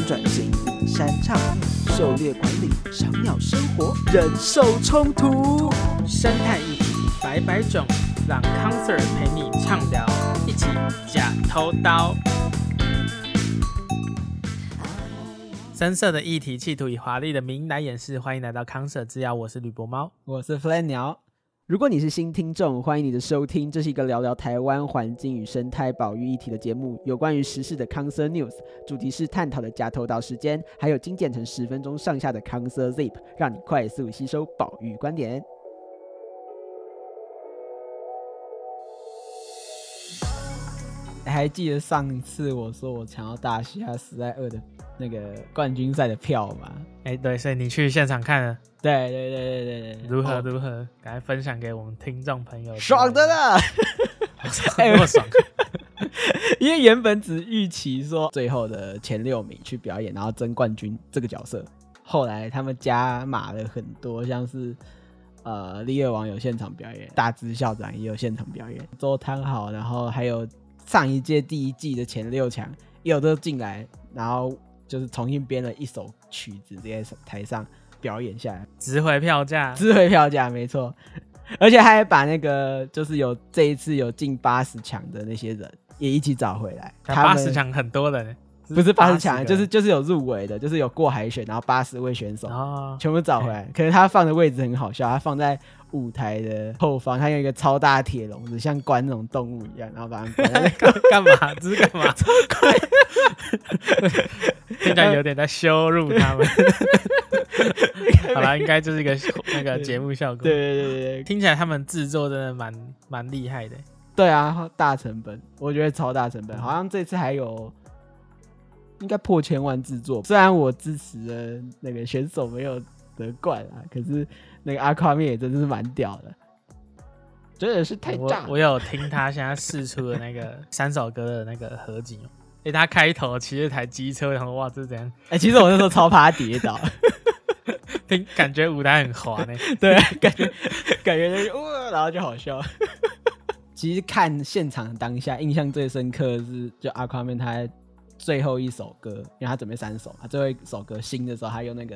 轉型，山唱，狩獵管理，小鳥生活，人獸衝突，生態議題，百百種，讓康 Sir 陪你暢聊，一起呷土豆。啊、深色的議題企圖以華麗的名義來掩飾，歡迎來到康 Sir 之邀，我是呂伯貓，我是 Fly 鳥。如果你是新聽眾，歡迎你的收聽。這是一個聊聊台灣環境與生態保育議題的節目，有關於時事的《康 Sir News》，主題是探討的呷土豆時間，還有精簡成十分鐘上下的《康 Sir Zip》，讓你快速吸收保育觀點。還記得上一次我說我想要大蝦，實在餓的。那個冠軍賽的票嘛，哎、欸，對，所以你去現場看了，對對對對對，對如何如何，趕、哦、快分享給我們聽眾朋友，爽的了，哎，好爽，欸、因為原本只預期說最後的前六名去表演，然後爭冠軍這個角色，後來他們加碼了很多，像是呃立業王有現場表演，大智校長也有現場表演，都攤好，然後還有上一屆第一季的前六強，也有都進來，然後。就是重新編了一首曲子，在台上表演下來，值回票價，值回票價，沒錯， 而且他還把那個就是有這一次有進八十強的那些人也一起找回來。八十強很多人，不是八十強，個就是就是有入圍的，就是有過海選，然後八十位選手，哦、全部找回來。欸，可能他放的位置很好笑，他放在。舞台的後方，它有一個超大鐵籠子，像關那種動物一樣，然後把他們關在幹、這個、 嘛？這是幹嘛？超怪。聽起來有點在羞辱他們。 好吧，應該就是一個那個節目效果。對對對對對，聽起來他們製作真的蠻蠻厲害的、欸。對啊，大成本，我覺得超大成本，好像這次還有應該破千萬製作。雖然我支持的那個選手沒有得冠啊，可是。那個阿誇面也真的是蠻屌的，真的是太炸我！我有聽他現在釋出的那個三首歌的那個合集哦，哎、 欸，他開頭騎了台機車，然後哇，這是怎樣？哎、欸，其實我那時候超怕他跌倒， 感覺舞台很滑呢。 對，感覺 感覺、就是、哇，然後就好笑。 其實看現場當下，印象最深刻的是就阿誇面他最後一首歌，因為他準備三首嘛，他最後一首歌新的時候，他用那個。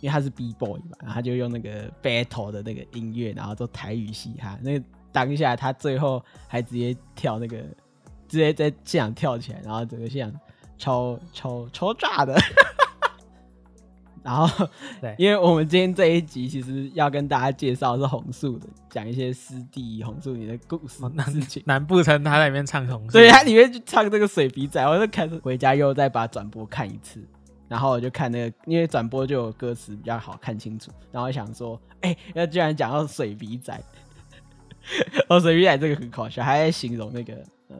因為他是 B boy 嘛，然後他就用那個 battle 的那個音樂，然後做台語嘻哈。那個當下，他最後還直接跳那個，直接在現場跳起來，然後整個現場超超超炸的。 然後，對，因為我們今天這一集其實要跟大家介紹是紅樹的，講一些濕地、紅樹林的故事事情。難不成他在裡面唱紅樹？所以他裡面就唱這個水筆仔，我就開始回家又再把轉播看一次。然後我就看那個，因為轉播就有歌詞比較好看清楚。然後想說，哎、欸，那居然講到水筆仔呵呵，哦，水筆仔這個很搞笑，還在形容那個，呃，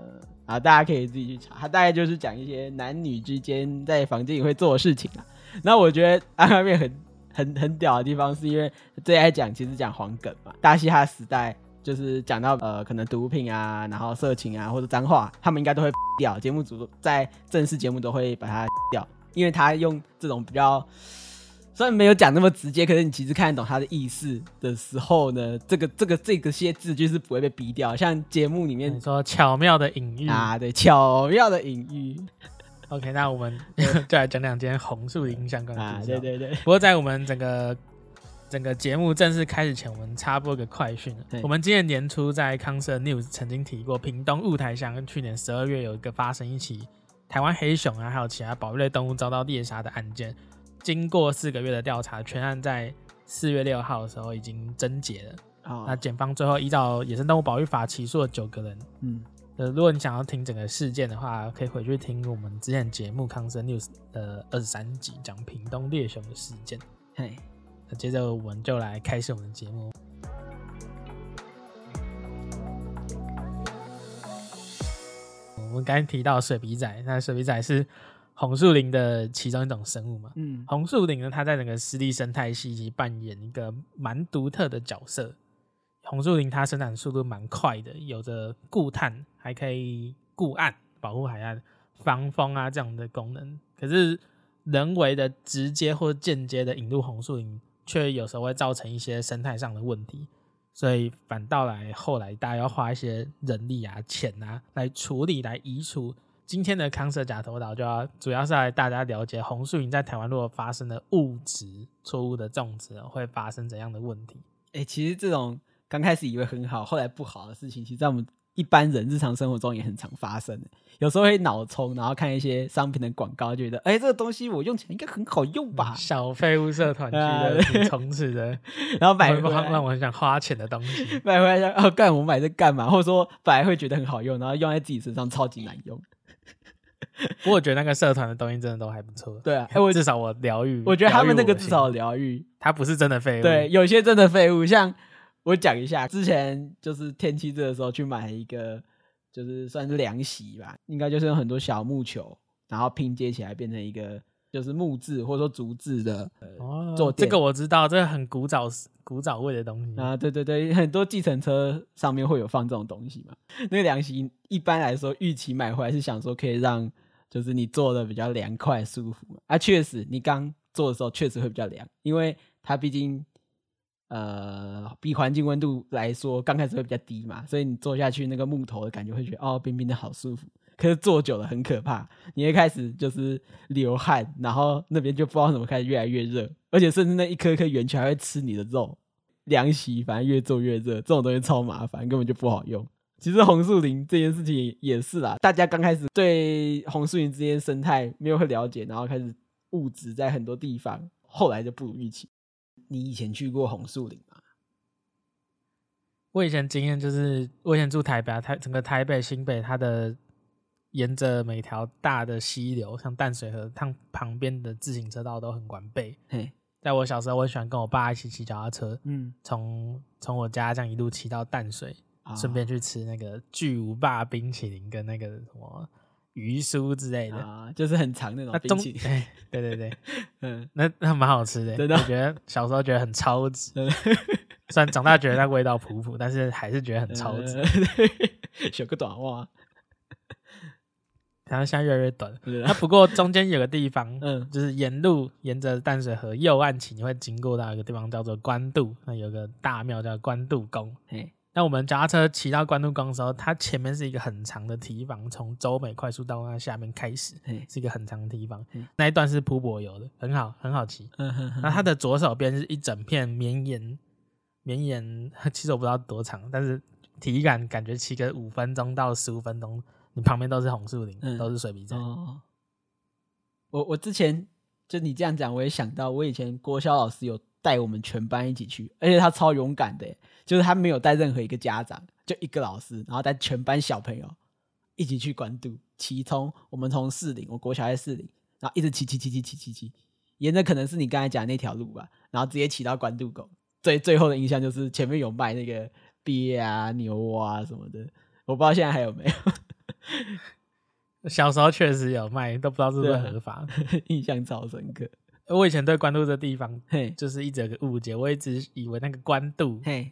啊，大家可以自己去查。他大概就是講一些男女之間在房間裡會做的事情啊。那我覺得阿康面，很很很屌的地方，是因為最愛講，其實講黃梗嘛。大嘻哈時代就是講到呃，可能毒品啊，然後色情啊，或者髒話，他們應該都會屌掉。節目組在正式節目都會把它屌掉。因為他用這種比較，雖然沒有講那麼直接，可是你其實看得懂他的意思的時候呢，這個、這個、這個些字就是不會被逼掉。像節目裡面你說巧妙的隱喻啊，對，巧妙的隱喻。OK，那我們就, 就來講兩件紅樹林相關、啊。對對對。不過在我們整個整個節目正式開始前，我們插播一個快訊。對我們今年年初在《康 Sir News》曾經提過，屏東霧台鄉跟去年十二月有一個發生一起。台灣黑熊啊，還有其他保育類動物遭到獵殺的案件，經過四個月的調查，全案在四月六號的時候已經終結了。Oh. 那檢方最後依照野生動物保育法起訴了九個人。嗯、呃，如果你想要聽整個事件的話，可以回去聽我們之前節目《康 Sir News》的二十三集，講屏東獵熊的事件。那 Hey. 接着我們就來開始我們的節目。我們剛才提到水筆仔，那水筆仔是紅樹林的其中一種生物嘛？嗯，紅樹林呢，它在整個濕地生態系以扮演一個蠻獨特的角色。紅樹林它生長速度蠻快的，有着固碳、還可以固岸、保護海岸、防風啊這樣的功能。可是人為的直接或間接的引入紅樹林，卻有時候會造成一些生態上的問題。所以反倒來，後來大家要花一些人力啊、錢啊，來處理、來移除。今天的康 Sir 呷土豆，就要主要是來大家了解紅樹林在台灣如果發生的誤植錯誤的種植，會發生怎樣的問題？誒、欸，其實這種剛開始以為很好，後來不好的事情，其實在我們。一般人日常生活中也很常發生，有時候會腦衝，然後看一些商品的廣告，覺得哎、欸，這個東西我用起來應該很好用吧？小廢物社團的，從此的，然後買一個讓我很想花錢的東西，買回來要幹、哦、我買這幹嘛？或者說本來會覺得很好用，然後用在自己身上超級難用。 不過我覺得那個社團的東西真的都還不錯，對啊，因為至少我療癒。我覺得他們那個至少療癒，它不是真的廢物。對，有些真的廢物像。我講一下，之前就是天氣熱的時候去買一個，就是算是涼席吧，應該就是用很多小木球，然後拼接起來變成一個，就是木質或者說竹製的、呃哦、坐墊，這個我知道，這個很古早、古早味的東西啊。對對對，很多計程車上面會有放這種東西嘛。那個、涼席一般來說，預期買回來是想說可以讓，就是你坐的比較涼快、舒服。啊，確實，你剛坐的時候確實會比較涼，因為它畢竟。呃，比環境溫度來說，剛開始會比較低嘛，所以你坐下去那個木頭的感覺會覺得哦，冰冰的好舒服。可是坐久了很可怕，你會開始就是流汗，然後那邊就不知道怎麼開始越來越熱，而且甚至那一顆顆圓球還會吃你的肉。涼席反正越坐越熱，這種東西超麻煩，根本就不好用。其實紅樹林這件事情也是啦，大家剛開始對紅樹林這件生態沒有了解，然後開始誤植在很多地方，後來就不如預期。你以前去過紅樹林嗎？我以前經驗就是，我以前住台北啊，台整個台北新北，它的沿着每條大的溪流，像淡水河，它旁邊的自行車道都很完備。嘿，在我小時候，我喜歡跟我爸一起騎腳踏車，嗯，從從我家這樣一路騎到淡水，啊，順便去吃那個巨無霸冰淇淋跟那個什麼。魚酥之類的啊，就是很長那種東西哎，對對對，對， 嗯，那那蠻好吃的，真的吧。我覺得小時候覺得很超值，吧雖然長大覺得那味道普普， 但是還是覺得很超值。有個短襪，然後現在越來越短。吧不過中間有個地方， 嗯，就是沿路沿着淡水河右岸騎，你會經過那個地方叫做關渡，那有個大廟叫關渡宮，那我們腳踏車騎到關渡宮的時候，它前面是一個很長的堤防，從洲美快速道那下面開始，嘿是一個很長堤防。嘿那一段是鋪柏油的，很好，很好騎。那、嗯嗯、它的左手邊是一整片綿延綿延，其實我不知道多長，但是體感感覺騎個五分鐘到十五分鐘，你旁邊都是紅樹林，嗯、都是水筆仔、哦。我我之前就你這樣講，我也想到，我以前郭蕭老師有。帶我們全班一起去，而且他超勇敢的，就是他沒有帶任何一個家長，就一個老師，然後帶全班小朋友一起去關渡騎通。我們從士林，我國小在士林，然後一直騎，騎騎騎騎騎騎騎，沿着可能是你剛才講的那條路吧，然後直接騎到關渡口。最最後的印象就是前面有賣那個鱉啊、牛蛙、啊、什麼的，我不知道現在還有沒有。 小時候確實有賣，都不知道是不是合法。印象超深刻。我以前對關渡這地方，嘿，就是一直有個誤解。嘿我一直以為那個關渡，嘿，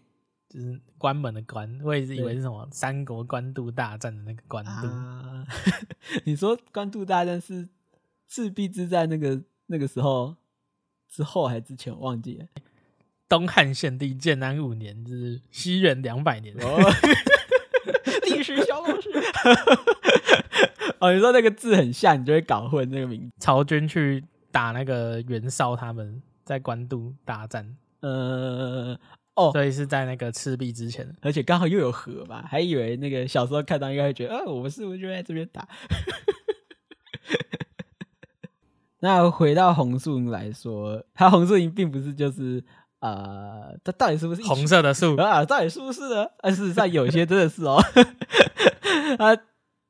就是關門的關。我一直以為是什麼對三國官渡大戰的那個官渡。啊、 你說官渡大戰是赤壁之戰那個那個時候之後還之前？忘記了。東漢獻帝建安五年就是西元兩百年哦，歷史 小老師。 哦，你說那個字很像，你就會搞混那個名字。曹軍去。打那個袁紹，他們在官渡大戰。呃，哦，所以是在那個赤壁之前，而且剛好又有河吧，還以為那個小時候看到應該會覺得，呃、啊，我們是不是就在這邊打？ 那回到紅樹林來說，它紅樹林並不是就是呃，它到底是不是紅色的樹啊？到底是不是呢？啊、事實上，有些真的是哦， 啊，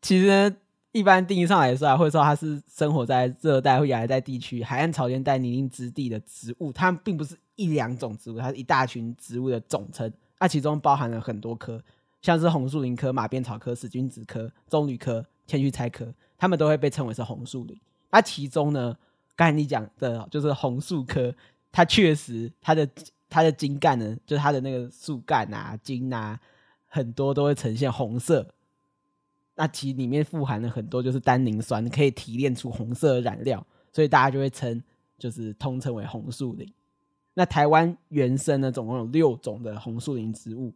其實呢。一般定義上來說，或者說它是生活在熱帶或亞熱帶地區、海岸潮間帶、泥濘之地的植物。它並不是一兩種植物，它是一大群植物的總稱。那、啊、其中包含了很多科，像是紅樹林科、馬鞭草科、使君子科、棕櫚科、千屈菜科，它們都會被稱為是紅樹林。那、啊、其中呢，剛才你講的就是紅樹科，它確實它的它的莖幹呢，就是它的那個樹幹啊、莖啊，很多都會呈現紅色。那其裡面富含了很多，就是單寧酸，可以提煉出紅色的染料，所以大家就會稱，就是通稱為紅樹林。那台灣原生呢，總共有六種的紅樹林植物。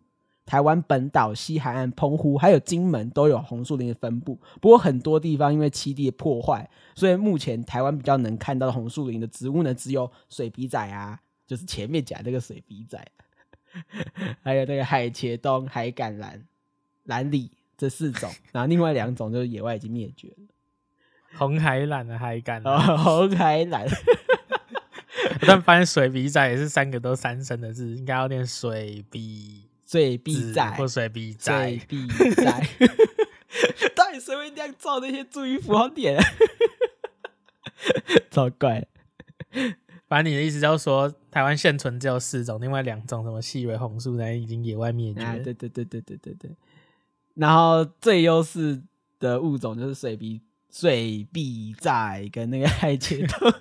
台灣本島西海岸、澎湖還有金門都有紅樹林的分布。不過很多地方因為棲地的破壞，所以目前台灣比較能看到的紅樹林的植物呢，只有水筆仔啊，就是前面講那個水筆仔啊，還有那個海茄苳、海橄欖、欖李。這四種，然後另外兩種就是野外已經滅絕了。紅海藍的海乾了、啊。Oh, 紅海藍。 我但發現水筆仔也是三個都三聲的字，應該要念水筆、水筆仔或水筆、水筆仔。 到底誰會這樣造那些注音符號點、啊？超 怪的反正你的意思就是說，台灣現存只有四種，另外兩種什麼細蕊紅樹呢已經野外滅絕了、啊。對對對對對對對。然後最優勢的物種就是水筆水筆仔跟那個海茄苳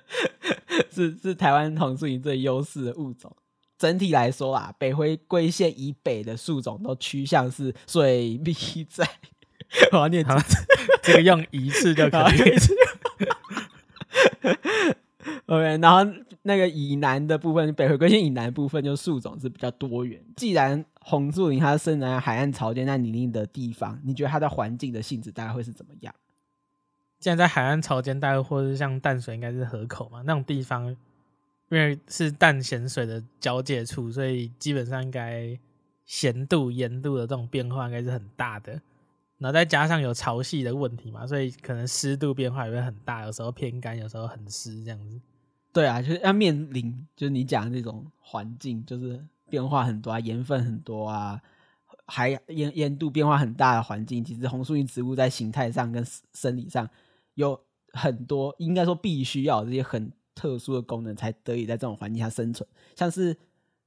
是是台灣紅樹林最優勢的物種。整體來說啊，北回歸線以北的樹種都趨向是水筆仔。我要念字，好 這個用一次就可以了好。然 OK，然後。那個以南的部分，北回歸線以南部分就樹種是比較多元。既然紅樹林它生長在海岸潮間帶泥濘的地方，你覺得它的環境的性質大概會是怎麼樣？現在在海岸潮間帶，或是像淡水，應該是河口嘛？那種地方，因為是淡鹹水的交界處，所以基本上應該鹹度、鹽度的這種變化應該是很大的。然後再加上有潮汐的問題嘛，所以可能濕度變化也會很大，有時候偏乾，有時候很濕，這樣子。對啊，就是要面臨，就是你講的那種環境，就是變化很多啊，鹽分很多啊，還鹽鹽度變化很大的環境，其實紅樹林植物在形態上跟生理上有很多，應該說必須要有這些很特殊的功能，才得以在這種環境下生存，像是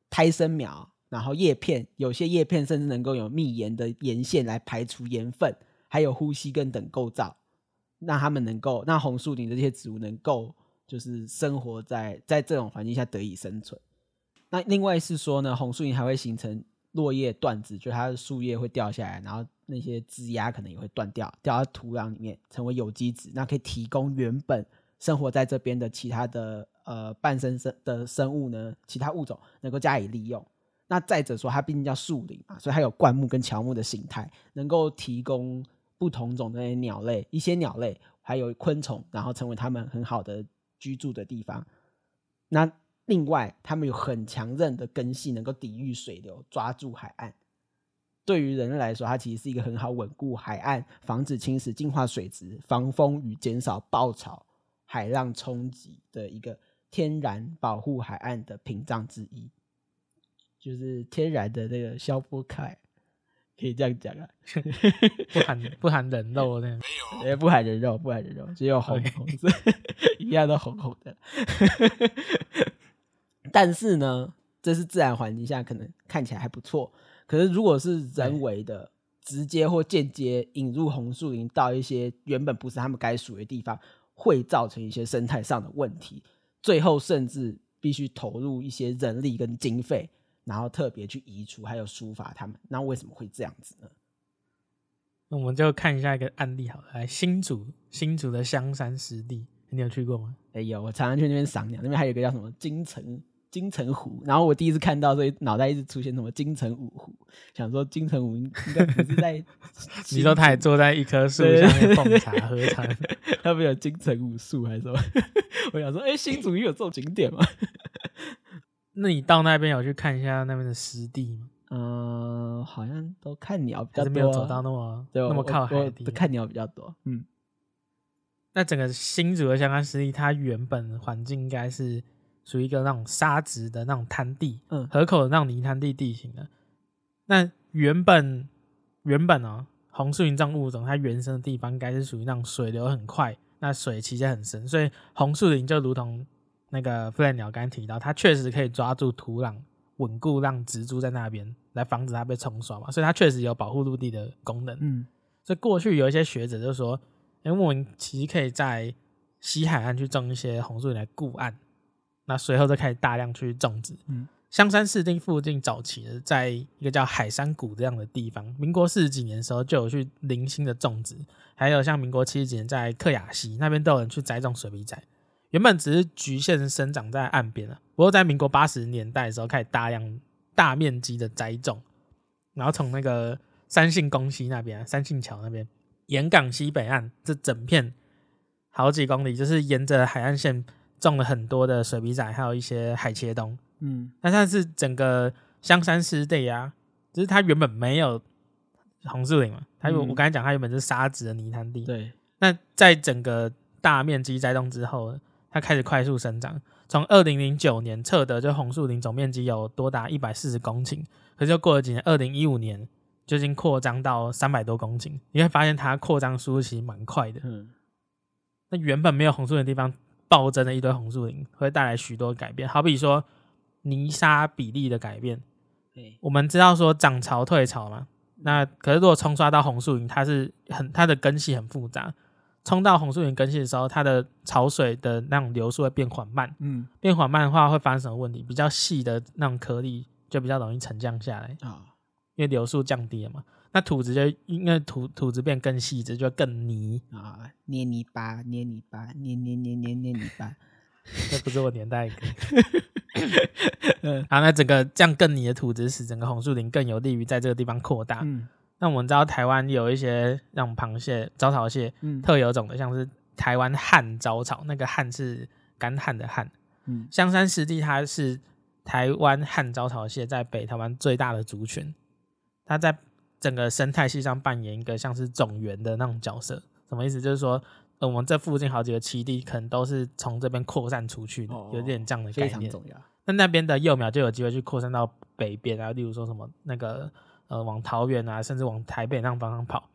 胎生苗，然後葉片，有些葉片甚至能夠有泌鹽的鹽腺來排除鹽分，還有呼吸根等構造，讓它們能夠，讓紅樹林的這些植物能夠。就是生活在在這種環境下得以生存。那另外是說呢，紅樹林還會形成落葉斷枝，就它的樹葉會掉下來，然後那些枝丫可能也會斷掉，掉到土壤裡面成為有機質，那可以提供原本生活在這邊的其他的呃半生生的生物呢，其他物種能夠加以利用。那再者說，它畢竟叫樹林嘛，所以它有灌木跟喬木的形態，能夠提供不同種的鳥類，一些鳥類還有昆蟲，然後成為它們很好的。居住的地方，那另外，他們有很強韌的根系，能夠抵禦水流、抓住海岸。對於人類來說，它其實是一個很好穩固海岸、防止侵蝕、淨化水質、防風雨、減少暴潮、海浪衝擊的一個天然保護海岸的屏障之一，就是天然的那個消波塊。可以這樣講啊 不含，不含人肉的，沒有，也不含人肉，不含人肉，只有紅紅 Okay. 一樣都紅紅的。 但是呢，這是自然環境下可能看起來還不錯，可是如果是人為的對直接或間接引入紅樹林到一些原本不是他們該屬的地方，會造成一些生態上的問題，最後甚至必須投入一些人力跟經費。然後特別去移除，還有疏伐他們，那為什麼會這樣子呢？那我們就看一下一個案例，好了，來新竹，新竹的香山濕地，你有去過嗎？哎呦、欸，我常常去那邊賞鳥，那邊還有一個叫什麼金城金城湖。然後我第一次看到，所以腦袋一直出現什麼金城武湖，想說金城武應該不是在 你說他也坐在一棵樹下面泡茶喝茶，他不有金城武樹還是什麼？ 我想說，哎、欸，新竹又有這種景點嗎？ 那你到那邊有去看一下那邊的濕地嗎？嗯、呃，好像都看鳥比較多、啊，沒有走到那麼對那麼靠海的地，都看鳥比較多。嗯，那整個新竹的相關濕地，它原本環境應該是屬於一個那種沙質的那種灘地，嗯，河口的那種泥灘地地形的。那原本原本哦、喔、紅樹林這種物種，它原生的地方應該是屬於那種水流很快，那水其實很深，所以紅樹林就如同。那個飛來鳥剛提到，它確實可以抓住土壤穩固，讓植株在那邊來防止它被沖刷嘛，所以它確實有保護陸地的功能。嗯，所以過去有一些學者就說，誒，我們其實可以在西海岸去種一些紅樹林來固岸。那隨後就開始大量去種植。嗯，香山濕地附近早期的，在一個叫海山谷這樣的地方，民國四十幾年的時候就有去零星的種植，還有像民國七十幾年在客雅溪那邊都有人去栽種水筆仔。原本只是局限生長在岸邊了，不過在民國八十年代的時候開始大量、大面積的栽種，然後從那個三姓公溪那邊、啊、三姓橋那邊、鹽港溪北岸這整片好幾公里，就是沿着海岸線種了很多的水筆仔，還有一些海茄冬。嗯，那現在是整個香山濕地啊，只是它原本沒有紅樹林嘛，它有、嗯、我剛才講，它原本是沙質的泥灘地。對，那在整個大面積栽種之後。它開始快速生長，從二零零九年測得這紅樹林總面積有多達一百四十公頃，可是就過了幾年，二零一五年就已經擴張到三百多公頃。你會發現它擴張速度其實蠻快的。嗯，那原本沒有紅樹林的地方，暴增了一堆紅樹林，會帶來許多改變。好比說泥沙比例的改變，嘿我們知道說漲潮退潮嘛，那可是如果沖刷到紅樹林，它是很它的根系很複雜。沖到紅樹林根系的時候，它的潮水的那種流速會變緩慢。嗯，變緩慢的話會發生什麼問題？比較細的那種顆粒就比較容易沉降下來啊，哦，因為流速降低了嘛。那土質就因為土土質變更細，這就更泥啊，哦，捏泥巴，捏泥巴，捏捏捏捏捏捏泥巴。這不是我年代的歌。啊那整個這樣更泥的土質使整個紅樹林更有利於在這個地方擴大。嗯。那我們知道台灣有一些那種螃蟹，招潮蟹，特有種的，嗯、像是台灣旱招潮，那個旱是乾旱的旱，嗯、香山濕地它是台灣旱招潮蟹在北台灣最大的族群，它在整個生態系上扮演一個像是種源的那種角色，什麼意思？就是說，我們這附近好幾個棲地可能都是從這邊擴散出去的，哦、有點這樣的概念。非常重要。那那邊的幼苗就有機會去擴散到北邊啊，例如說什麼那個。呃，往桃園啊，甚至往台北那種方向跑，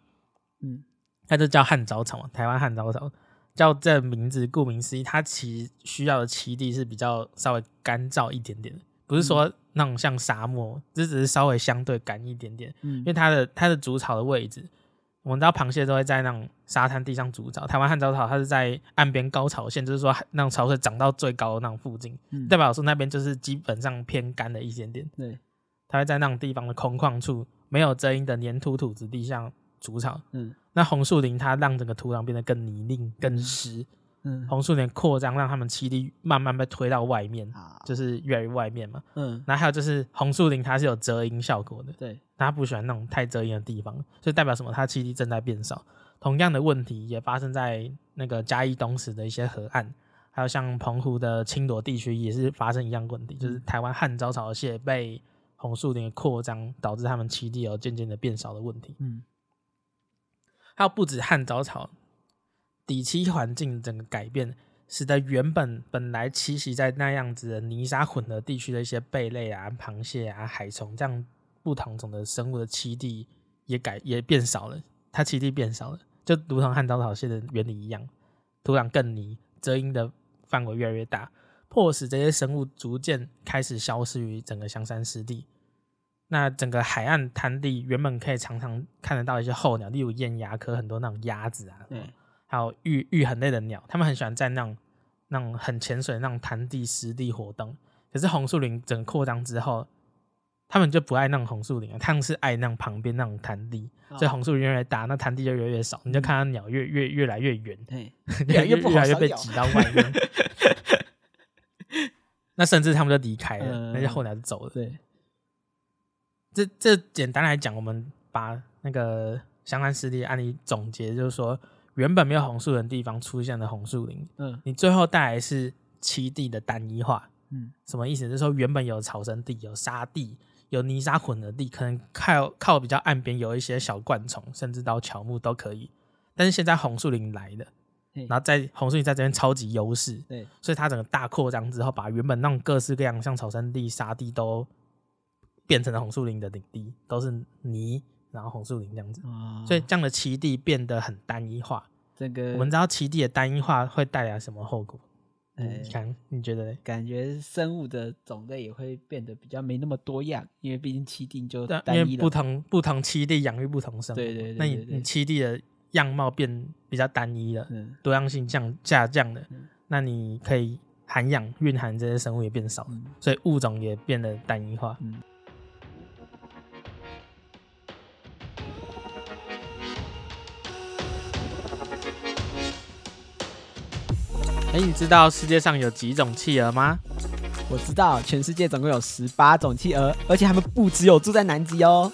嗯，它就叫旱招潮，台灣旱招潮叫這個名字，顧名思義，它其實需要的棲地是比較稍微乾燥一點點，不是說那種像沙漠，嗯、這只是稍微相對乾一點點，嗯，因為它的它的築巢的位置，我們知道螃蟹都會在那種沙灘地上築巢，台灣旱招潮它是在岸邊高潮線，就是說那種潮水漲到最高的那種附近，嗯、代表說那邊就是基本上偏乾的一點點，對，它會在那種地方的空曠處。沒有遮陰的黏土土質地，像竹草。嗯，那紅樹林它讓整個土壤變得更泥濘、更濕。嗯，紅樹林擴張，讓他們棲地慢慢被推到外面，好就是越來越外面嘛。嗯，那還有就是紅樹林它是有遮陰效果的。對，它不喜歡那種太遮陰的地方，所以代表什麼？它棲地正在變少。同樣的問題也發生在那個嘉義東石的一些河岸，還有像澎湖的青朵地區，也是發生一樣問題，嗯、就是台灣旱招潮蟹被。紅樹林的擴張導致它們棲地而漸漸的變少的問題。嗯，還有不止旱招潮底棲環境的整個改變，使得原本本來棲息在那樣子的泥沙混合地區的一些貝類啊、螃蟹啊、海蟲這樣不同種的生物的棲地也改也變少了。它棲地變少了，就如同旱招潮蟹的原理一樣，土壤更泥，遮陰的範圍越來越大。迫使這些生物逐漸開始消失於整個香山濕地。那整個海岸灘地原本可以常常看得到一些候鳥，例如雁鴨科，很多那種鴨子啊，嗯、還有鷸鷸鴴類的鳥，他們很喜歡在那種那種很淺水、那種灘地濕地活動。可是紅樹林整個擴張之後，他們就不愛那種紅樹林啊。他們是愛那種旁邊那種灘地。哦、所以紅樹林越來越大，那灘地就越來越少，你就看到鳥越越越，越來越遠，越來越，不好 越來越被擠到外面。那甚至他們就離開了，那就、嗯、後來就走了。對，這這簡單來講，我們把那個相關實例案例總結，就是說，原本沒有紅樹林的地方出現的紅樹林，嗯，你最後帶來是棲地的單一化。嗯，什麼意思？就是說，原本有草生地、有沙地、有泥沙混合地，可能靠靠比較岸邊有一些小灌叢，甚至到喬木都可以，但是現在紅樹林來了。然後在紅樹林在這邊超級優勢，對，所以它整個大擴張之後，把原本那種各式各樣像草生地、沙地都變成了紅樹林的領地，都是泥，然後紅樹林這樣子。啊、所以這樣的棲地變得很單一化。這個我們知道棲地的單一化會帶來什麼後果？嗯、欸，你看你覺得咧？感覺生物的種類也會變得比較沒那麼多樣，因為畢竟棲地就單一、啊、因為，不同不同棲地養育不同生。對對對，對對對，那你你棲地的樣貌變比較單一了，嗯、多樣性降下降的，嗯、那你可以涵養蘊含這些生物也變少了，嗯、所以物種也變得單一化。嗯欸、你知道世界上有幾種企鵝嗎？我知道，全世界總共有十八種企鵝，而且它們不只有住在南極哦。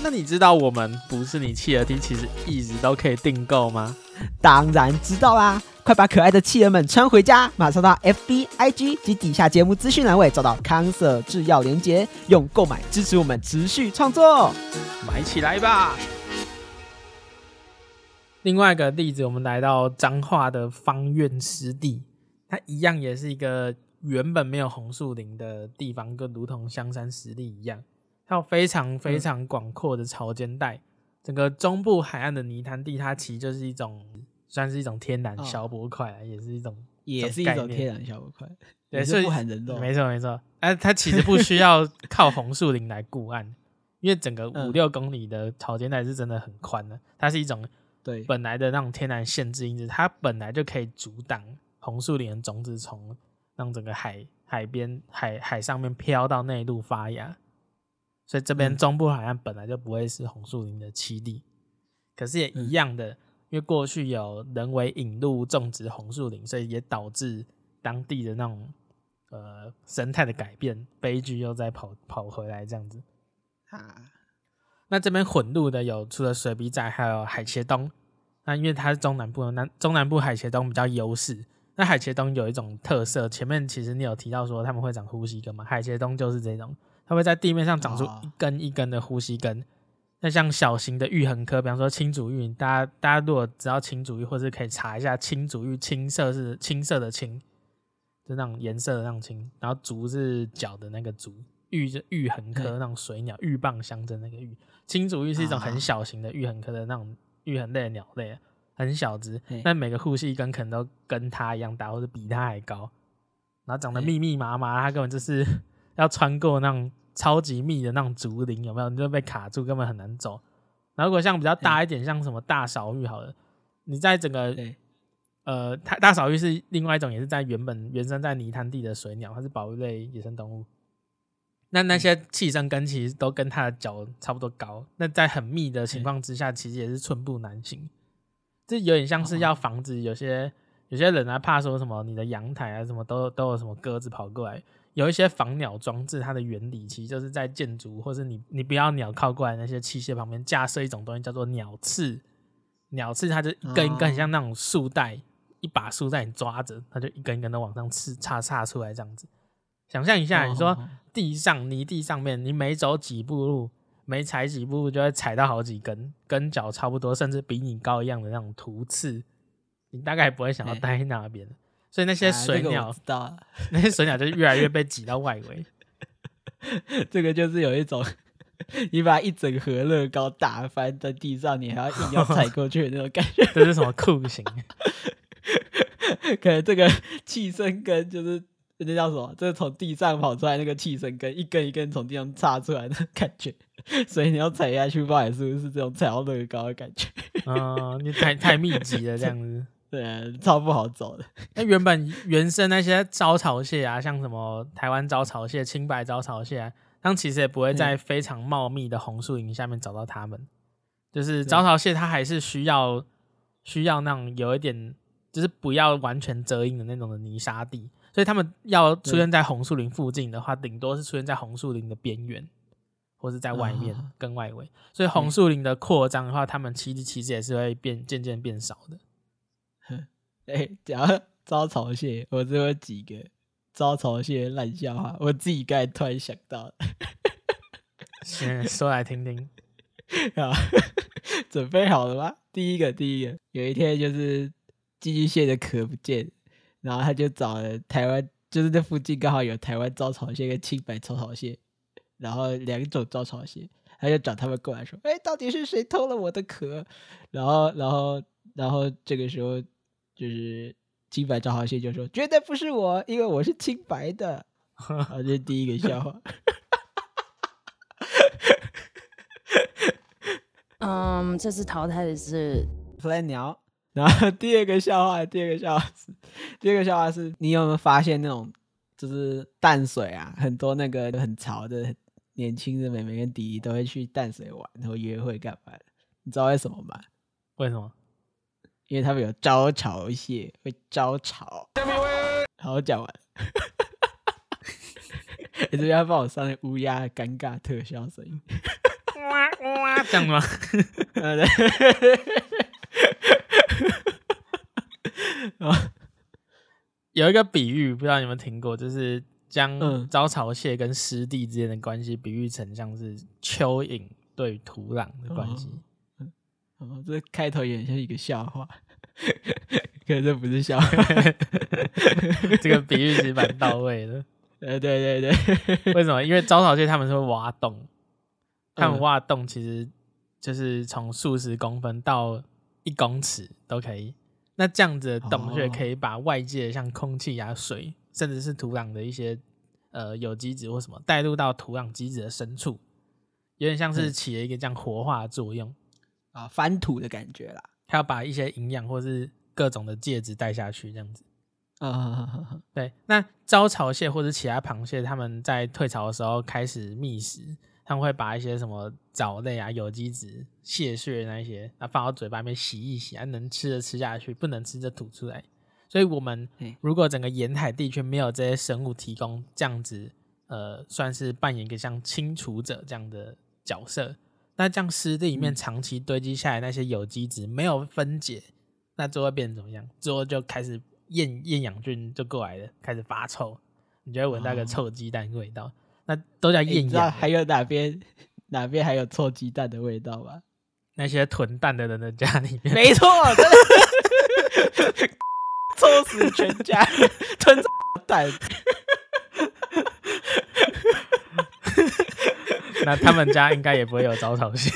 那你知道我們不是你棄兒聽，其實一直都可以訂購嗎？當然知道啦！快把可愛的棄兒們穿回家，馬上到 FBIG 及底下節目資訊欄位找到康 a 製藥連結，用購買支持我們持續創作，買起來吧！另外一個例子，我們來到彰化的方院濕地，它一樣也是一個原本沒有紅樹林的地方，跟如同香山濕地一樣。它有非常非常廣闊的潮間帶，嗯、整個中部海岸的泥灘地，它其實就是一種，算是一種天然消波塊，哦、也是一種，也是一種天然消波塊。對，是不含人肉。沒錯，沒錯、啊。它其實不需要靠紅樹林來固岸， 因為整個五六公里的潮間帶是真的很寬的。它是一種對本來的那種天然限制因子，它本來就可以阻擋紅樹林的種子從讓整個海海邊海海上面飄到內陸發芽。所以這邊中部好像本來就不會是紅樹林的棲地，嗯、可是也一樣的，嗯、因為過去有人為引入種植紅樹林，所以也導致當地的那種呃生態的改變，悲劇又再跑跑回來這樣子。啊，那這邊混入的有除了水筆仔，還有海茄冬，那因為它是中南部的南，南中南部海茄冬比較優勢。那海茄冬有一種特色，前面其實你有提到說他們會長呼吸根嘛，海茄冬就是這種。它會在地面上長出一根一根的呼吸根。Oh. 那像小型的鷸鴴科，比方說青足鷸，大家大家如果知道青足鷸，或者可以查一下青足鷸。青色是青色的青，就那種顏色的那種青。然後足是腳的那個足，鷸是鷸鴴科那種水鳥，鷸蚌相爭那個鷸。青足鷸是一種很小型的鷸鴴科的那種鷸鴴類的鳥類，很小只。欸、但每個呼吸根可能都跟它一樣大，或者比它還高。然後長得密密麻麻，欸、它根本就是。要穿過那種超級密的那種竹林，有沒有？你就被卡住，根本很難走。然後如果像比較大一點，像什麼大杓鷸好了，你在整個呃，它大杓鷸是另外一種，也是在原本原生在泥灘地的水鳥，它是保育類野生動物。那那些氣生根其實都跟它的腳差不多高，那在很密的情況之下，其實也是寸步難行。這有點像是要防止有些有些人啊，怕說什麼你的陽台啊，什麼都都有什麼鴿子跑過來。有一些防鳥裝置，它的原理其實就是在建築，或是你你不要鳥靠過來那些器械旁邊架設一種東西，叫做鳥刺。鳥刺它就一根一根，像那種束帶，oh. 一把束帶你抓着，它就一根一根的往上刺叉叉出來這樣子。想象一下，你說地上、oh. 泥地上面，你每走幾步路，每踩幾步路，就會踩到好幾根跟腳差不多，甚至比你高一樣的那種圖刺，你大概不會想要待在那邊。Hey. 所以那些水鳥，啊這個、知道、啊、那些水鳥就越來越被擠到外圍。 這個就是有一種，你把一整盒樂高打翻在地上，你還要硬要踩過去的那種感覺。這是什麼酷刑？ 可能這個氣生根就是那叫什麼？就是從地上跑出來那個氣生根，一根一根從地上插出來的感覺。所以你要踩下去，不好意思，是這種踩到樂高的感覺。哦、呃、你太太密集了，這樣子。 對、啊，超不好走的。那、欸，原本原生那些招潮蟹啊， 像什麼台灣招潮蟹、清白招潮蟹，啊，它其實也不會在非常茂密的紅樹林下面找到它們。就是招潮蟹，它還是需要對需要那種有一點，就是不要完全遮陰的那種的泥沙地。所以，它們要出現在紅樹林附近的話，頂對多是出現在紅樹林的邊緣，或是在外面、啊、跟外圍。所以，紅樹林的擴張的話，它們其實其實也是會變漸漸變少的。哎，講、欸、招潮蟹，我只有幾個招潮蟹爛笑話，我自己剛才突然想到，嗯， 說來聽聽啊，準備好了嗎？第一個，第一個，有一天就是寄居蟹的殼不見，然後他就找了台灣，就是那附近剛好有台灣招潮蟹跟青白招潮蟹，然後兩種招潮蟹，他就找他們過來說，哎、欸，到底是誰偷了我的殼？然後，然後，然後這個時候。就是清白賬號線就說絕對不是我，因為我是清白的。這是第一個笑話。嗯， um, 這次淘汰的是 Plan 鳥。然後第二個笑話，第二個笑話是，第二個笑話是你有沒有發現那種就是淡水啊，很多那個都很潮的很年輕的妹妹跟弟弟都會去淡水玩然後約會幹嘛的？你知道為什麼嗎？為什麼？因為他們有招潮蟹，會招潮。好好講完。哎， 這邊幫我上烏鴉尷尬特效聲音，哇哇、嗯，講什麼啊，有一個比喻，不知道你們有聽過，就是將招潮蟹跟濕地之間的關係比喻成像是蚯蚓對土壤的關係。嗯哦，這開頭也像一個笑話，可是這不是笑話， 這個比喻其實蠻到位的。呃，對，對對對，為什麼？因為招潮蟹他們是會挖洞，他們挖洞其實就是從數十公分到一公尺都可以。那這樣子的洞穴可以把外界的像空氣呀、啊、哦、水，甚至是土壤的一些呃有機質或什麼帶入到土壤基質的深處，有點像是起了一個這樣活化的作用。嗯啊，翻土的感覺啦，他要把一些營養或是各種的介質帶下去，這樣子，嗯。啊啊啊啊！嗯嗯、對，那招潮蟹或者其他螃蟹，他們在退潮的時候開始覓食，他們會把一些什麼藻類啊、有機質、蟹血那些，啊，放到嘴巴裡面洗一洗，啊，能吃的吃下去，不能吃的吐出來。所以，我們如果整個沿海地區沒有這些生物提供，這樣子，呃，算是扮演一個像清除者這樣的角色。那這樣濕地裡面長期堆積下來那些有機質沒有分解，嗯、那之後會變成怎麼樣？最後就開始厭厭氧菌就過來了，開始發臭，你就會聞到個臭雞蛋味道。哦、那都叫厭氧。欸、還有哪邊哪邊還有臭雞蛋的味道嗎？那些囤蛋的人的家裡面，沒錯，真的 臭死全家，囤 蛋。那他們家應該也不會有招潮蟹。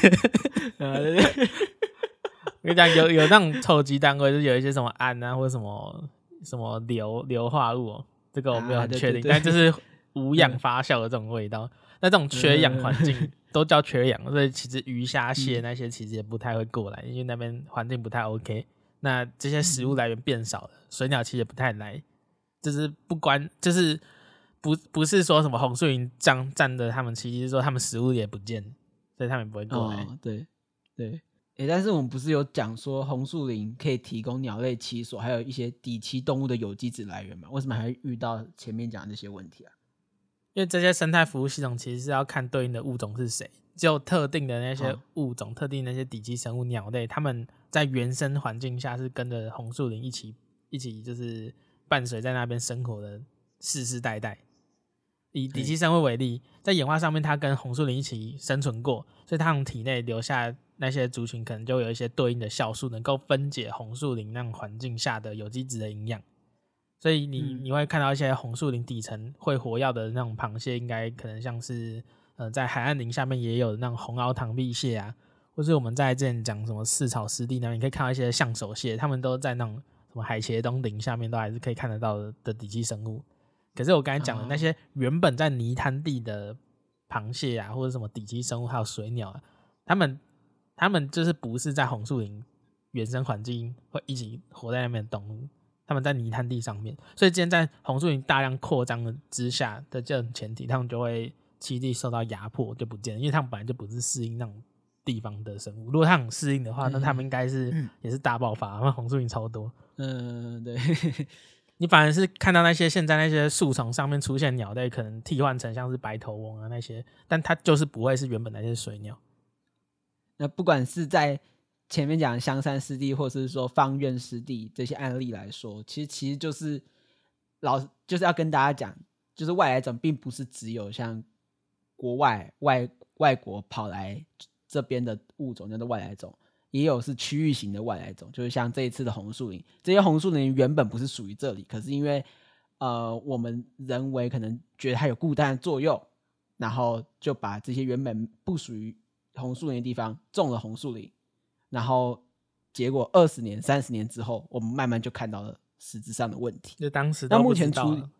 我跟你講，有有那種臭雞蛋味，就是有一些什麼氨啊，或者什麼什麼硫硫化物，哦，這個我沒有很確定，啊、對對對，但就是無氧發酵的這種味道。嗯、那這種缺氧環境都叫缺氧，嗯、所以其實魚蝦蟹那些其實也不太會過來，因為那邊環境不太 OK。那這些食物來源變少了，嗯、水鳥其實也不太來，就是不關，就是。不不是說什麼紅樹林佔佔着他們，其實是說他們食物也不見，所以他們也不會過來。哦、對對，誒，但是我們不是有講說紅樹林可以提供鳥類棲所，還有一些底棲動物的有機質來源嗎？為什麼還會遇到前面講這些問題啊？因為這些生態服務系統其實是要看對應的物種是誰，只有特定的那些物種，哦、特定的那些底棲生物，鳥類，他們在原生環境下是跟着紅樹林一起一起，就是伴隨在那邊生活的世世代代。以底棲生物為例，在演化上面，它跟紅樹林一起生存過，所以它從體內留下那些族群，可能就有一些對應的酵素，能夠分解紅樹林那種環境下的有機質的營養。所以你你會看到一些紅樹林底層會活躍的那種螃蟹，應該可能像是，呃，在海岸林下面也有那種紅螯螳臂蟹啊，或是我們在之前講什麼四草濕地那邊，你可以看到一些相手蟹，它們都在那種什麼海茄苳林下面，都還是可以看得到的，的底棲生物。可是我剛才講的那些原本在泥灘地的螃蟹啊，oh. 或者什麼底棲生物，還有水鳥啊，他們他們就是不是在紅樹林原生環境會一起活在那邊的動物，他們在泥灘地上面，所以今天在紅樹林大量擴張的之下的這種前提，它們就會棲地受到壓迫，就不見了，因為它們本來就不是適應那種地方的生物。如果它很適應的話，嗯、那它們應該是、嗯、也是大爆發，那紅樹林超多。嗯、呃，對。 你反而是看到那些現在那些樹叢上面出現鳥類，可能替換成像是白頭翁啊那些，但它就是不會是原本那些水鳥。那不管是在前面講的香山濕地或者是說芳苑濕地這些案例來說，其實其實就是老就是要跟大家講，就是外來種並不是只有像國外外外國跑來這邊的物種叫做、那個、外來種。也有是區域型的外來種，就是像這一次的紅樹林。這些紅樹林原本不是屬於這裡，可是因為呃，我們人為可能覺得它有固氮的作用，然後就把這些原本不屬於紅樹林的地方種了紅樹林。然後結果二十年、三十年之後，我們慢慢就看到了實質上的問題。就當時都不知道，但目前處理。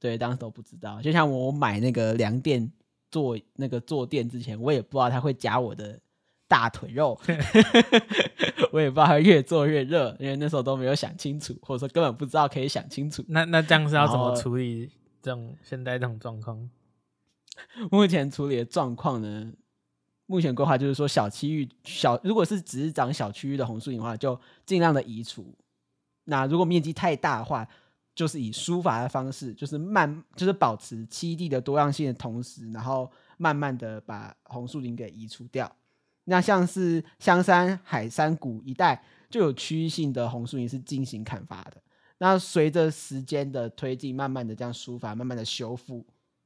對，當時都不知道。就像我買那個涼墊坐那個坐墊之前，我也不知道它會夾我的。大腿肉， 我也不知道，越做越熱，因為那時候都沒有想清楚，或者說根本不知道可以想清楚。那那這樣是要怎麼處理這種現在這種狀況？目前處理的狀況呢？目前規劃就是說小區域小，如果是只是長小區域的紅樹林的話，就盡量的移除。那如果面積太大的話，就是以疏伐的方式，就是慢，就是保持棲地的多樣性的同時，然後慢慢的把紅樹林給移除掉。那像是香山、海山谷一帶，就有區域性的紅樹林是進行砍伐的。那隨着時間的推進，慢慢的這樣疏伐，慢慢的修復，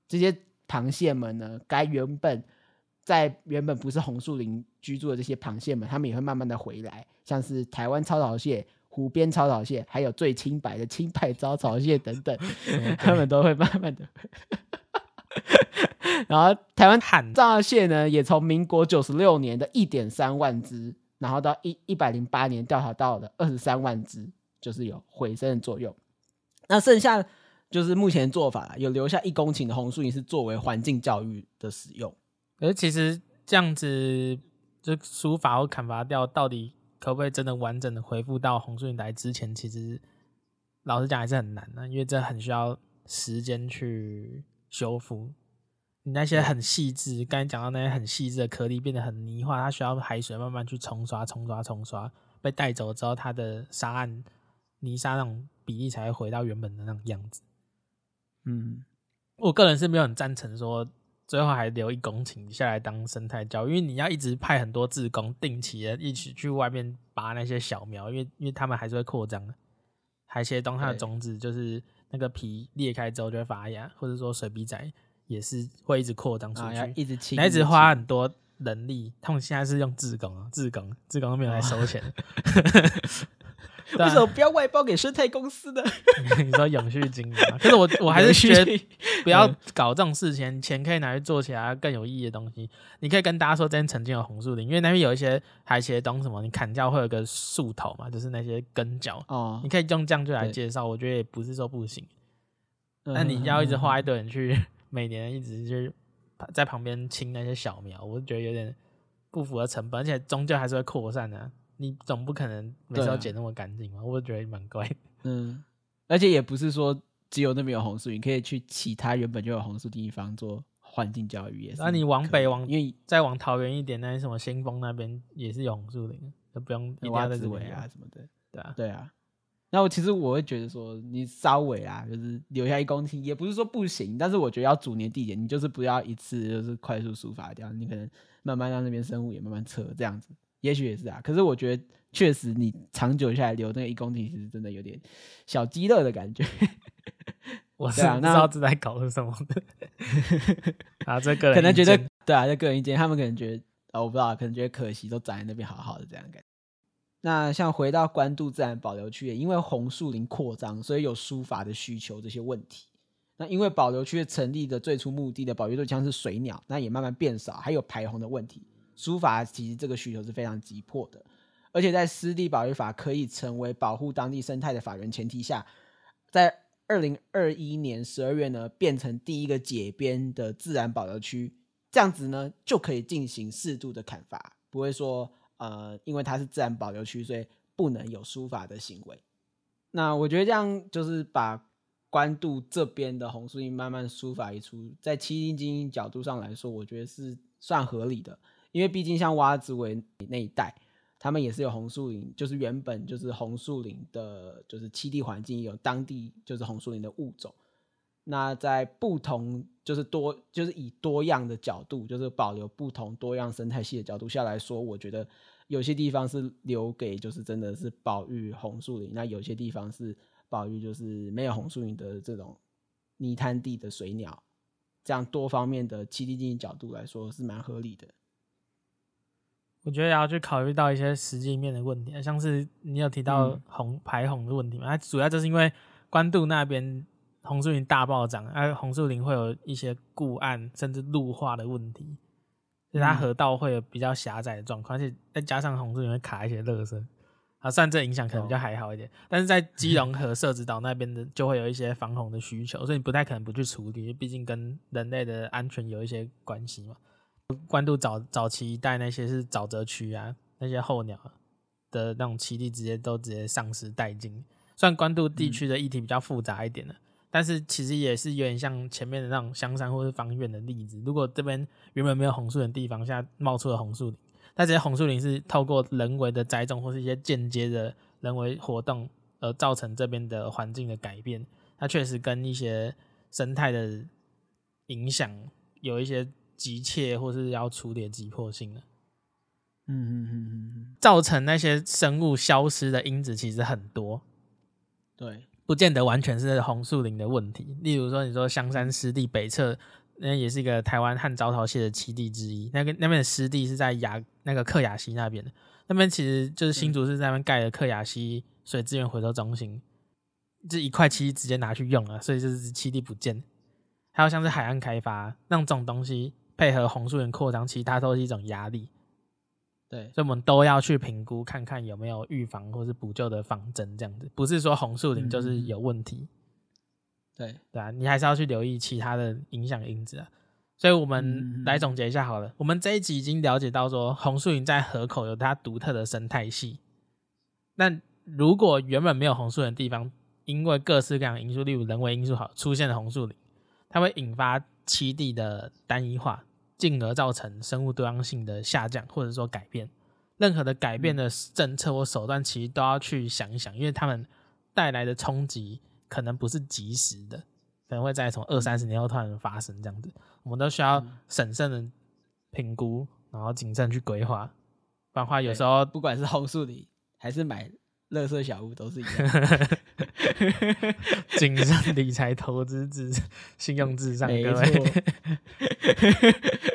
這些螃蟹們呢，該原本在原本不是紅樹林居住的這些螃蟹們，他們也會慢慢的回來。像是台灣招潮蟹、弧邊招潮蟹，還有最清白的清白招潮蟹等等，他 對們都會慢慢的。 然後台灣招潮蟹呢，也從民國九十六年的一點三萬隻，然後到一一百零八年調查到了二十三萬隻，就是有回升的作用。那剩下就是目前的做法、啊，有留下一公頃的紅樹林是作為環境教育的使用。而其實這樣子，就疏伐或砍伐掉，到底可不可以真的完整的恢復到紅樹林來之前？其實老實講還是很難的、啊，因為這很需要時間去修復。你那些很細緻，剛、嗯、才講到那些很細緻的顆粒變得很泥化，它需要海水慢慢去沖刷、沖刷、沖刷，被帶走之後，它的沙岸泥沙那種比例才會回到原本的那種樣子。嗯，我個人是沒有很贊成說最後還留一公頃下來當生態教育，因為你要一直派很多志工定期的一起去外面拔那些小苗，因為因為他們還是會擴張的。海茄冬它的種子就是那個皮裂開之後就會發芽，或者說水筆仔，也是會一直擴張出去，一直花很多人力。他們現在是用志工啊，志工，志工都沒有來收錢。為什麼不要外包給生態公司呢？你說永續經營嘛。可是我我還是覺得不要搞這種事情，錢可以拿去做其他更有意義的東西。你可以跟大家說這邊曾經有紅樹林，因為那邊有一些海茄苳什麼，你砍掉會有個樹頭嘛，就是那些根腳。哦，你可以用這樣就來介紹，我覺得也不是說不行。那你要一直花一堆人去。每年一直就是在旁邊清那些小苗，我就覺得有點不符合成本，而且終究還是會擴散的、啊。你總不可能每次都剪那麼乾淨嘛？啊、我覺得蠻貴。嗯，而且也不是說只有那邊有紅樹林，可以去其他原本就有紅樹林地方做環境教育也是。那、啊、你往北往因為再往桃園一點，那些什麼新豐那邊也是有紅樹林，都不用挖子尾啊什麼的。對啊。對啊那我其實我會覺得說，你稍微啊，就是留下一公頃，也不是說不行，但是我覺得要逐年遞減，你就是不要一次就是快速疏伐掉，你可能慢慢讓那邊生物也慢慢撤，這樣子，也許也是啊。可是我覺得確實，你長久下來留那個一公頃，其實真的有點小雞肋的感覺。我想那知道正在搞是什麼的 啊，這個可能覺得對啊，就個人意見，他們可能覺得啊、哦，我不知道，可能覺得可惜都長在那邊好好的這樣的感覺。那像回到關渡自然保留區，因為紅樹林擴張，所以有疏伐的需求這些問題。那因為保留區成立的最初目的的保育對象是水鳥，那也慢慢變少，還有排洪的問題，疏伐其實這個需求是非常急迫的。而且在濕地保育法可以成為保護當地生態的法源前提下，在二零二一年十二月呢，變成第一個解編的自然保留區，這樣子呢就可以進行適度的砍伐，不會說。呃，因為它是自然保留區，所以不能有疏伐的行為。那我覺得這樣就是把關渡這邊的紅樹林慢慢疏伐一出，在棲地經營角度上來說，我覺得是算合理的。因為畢竟像挖子尾那一帶，他們也是有紅樹林，就是原本就是紅樹林的，就是棲地環境有當地就是紅樹林的物種。那在不同就是多就是以多樣的角度，就是保留不同多樣生態系的角度下來說，我覺得有些地方是留給就是真的是保育紅樹林，那有些地方是保育就是沒有紅樹林的這種泥灘地的水鳥，這樣多方面的棲地經營角度來說是蠻合理的。我覺得也要去考慮到一些實際面的問題，像是你有提到洪，嗯、排洪的問題嗎？它主要就是因為關渡那邊。紅樹林大暴漲，而、啊、紅樹林會有一些固岸甚至陸化的問題，所以它河道會有比較狹窄的狀況，而且再加上紅樹林會卡一些垃圾，啊，算這影響可能比較還好一點，哦、但是在基隆河社子島那邊的就會有一些防洪的需求，嗯、所以你不太可能不去處理，畢竟跟人類的安全有一些關係嘛。關渡早早期一帶那些是沼澤區啊，那些候鳥的那種棲地直接都直接喪失殆盡，算關渡地區的議題比較複雜一點的、啊。嗯但是其實也是有點像前面的那種香山或是芳苑的例子。如果這邊原本沒有紅樹林的地方，現在冒出了紅樹林，但這些紅樹林是透過人為的栽種或是一些間接的人為活動而造成這邊的環境的改變。它確實跟一些生態的影響有一些急切或是要處理的急迫性的。嗯嗯嗯嗯，造成那些生物消失的因子其實很多。對。不見得完全是那紅樹林的問題，例如說你說香山濕地北側，那也是一個台灣旱招潮蟹的棲地之一。那個那邊的濕地是在雅那個客雅溪那邊的，那邊其實就是新竹市那邊蓋的客雅溪水資源回收中心，這、嗯、一塊棲地直接拿去用了，所以就是棲地不見。還有像是海岸開發那這種東西，配合紅樹林擴張，其他都是一種壓力。對，所以我們都要去評估，看看有沒有預防或是補救的方針，這樣子，不是說紅樹林就是有問題。對，對啊，你還是要去留意其他的影響因子啊。所以我們來總結一下好了，我們這一集已經了解到說，紅樹林在河口有它獨特的生態系。那如果原本沒有紅樹林的地方，因為各式各樣的因素，例如人為因素，好，出現了紅樹林，它會引發棲地的單一化。進而造成生物多樣性的下降，或者說改變。任何的改變的政策或手段，其實都要去想一想，因為他們帶來的衝擊可能不是即時的，可能會在從二三十年後突然發生這樣子。我們都需要審慎的評估，然後謹慎去規劃。不然的話，有時候、欸、不管是紅樹林還是買樂色小屋都是一樣 財。謹慎理財投資智，信用至上，錯各位。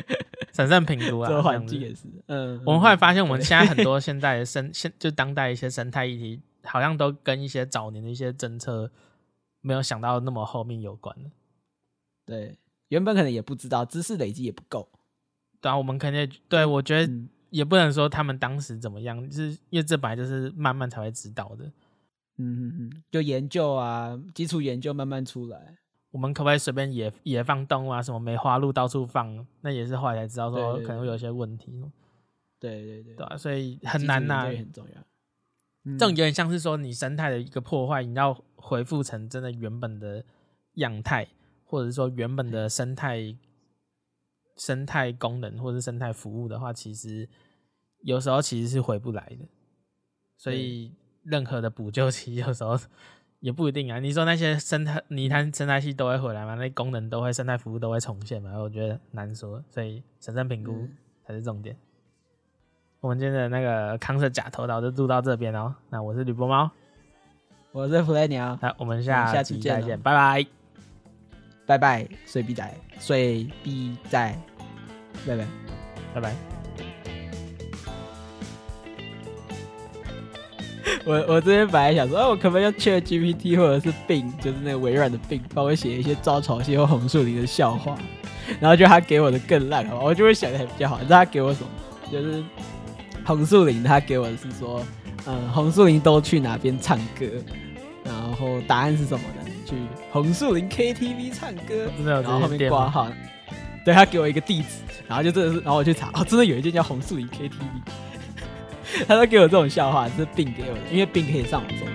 審慎品讀啊，這個環境也是。嗯，我們後來發現，我們現在很多現代的生，現就當代一些生態議題，好像都跟一些早年的一些政策沒有想到那麼後面有關的。對，原本可能也不知道，知識累積也不夠。對啊，我們肯定對，我覺得也不能說他們當時怎麼樣，就是因為這本來就是慢慢才會知道的。嗯嗯嗯，就研究啊，基礎研究慢慢出來。我們可不可以隨便野野放動物啊？什麼梅花鹿到處放，那也是後來才知道說可能會有一些問題。對、對對對，對啊，所以很難吶，也很重要。這種有點像是說你生態的一個破壞，嗯、你要恢復成真的原本的樣態，或者是說原本的生態生態功能或是生態服務的話，其實有時候其實是回不來的。所以任何的補救期有時候。也不一定啊！你說那些生態泥灘生態系都會回來嗎？那些功能都會生態服務都會重現嗎？我覺得難說，所以審慎評估才是重點。嗯、我們今天的那個康 Sir 呷土豆就錄到這邊哦。那我是呂波貓，我是弗雷鳥。那、啊、我們下下次再見，見拜拜，拜拜，水筆仔，水筆仔，拜拜，拜拜。我我之前本來想說，哎、啊，我可不可以用 Chat GPT 或者是 Bing，就是那個微軟的 Bing，幫我寫一些招潮蟹或紅樹林的笑話。然後就他給我的更爛了，我就會想的還比較好。然後他給我什麼？就是紅樹林，他給我的是說，嗯，紅樹林都去哪邊唱歌？然後答案是什麼呢？去紅樹林 KTV 唱歌。喔、然後後面括號。話對，他給我一個地址，然後就真的是，然後我去查，哦、喔，真的有一間叫紅樹林 KTV。他都給我這種笑話，是病給我的，因為病可以上網搜。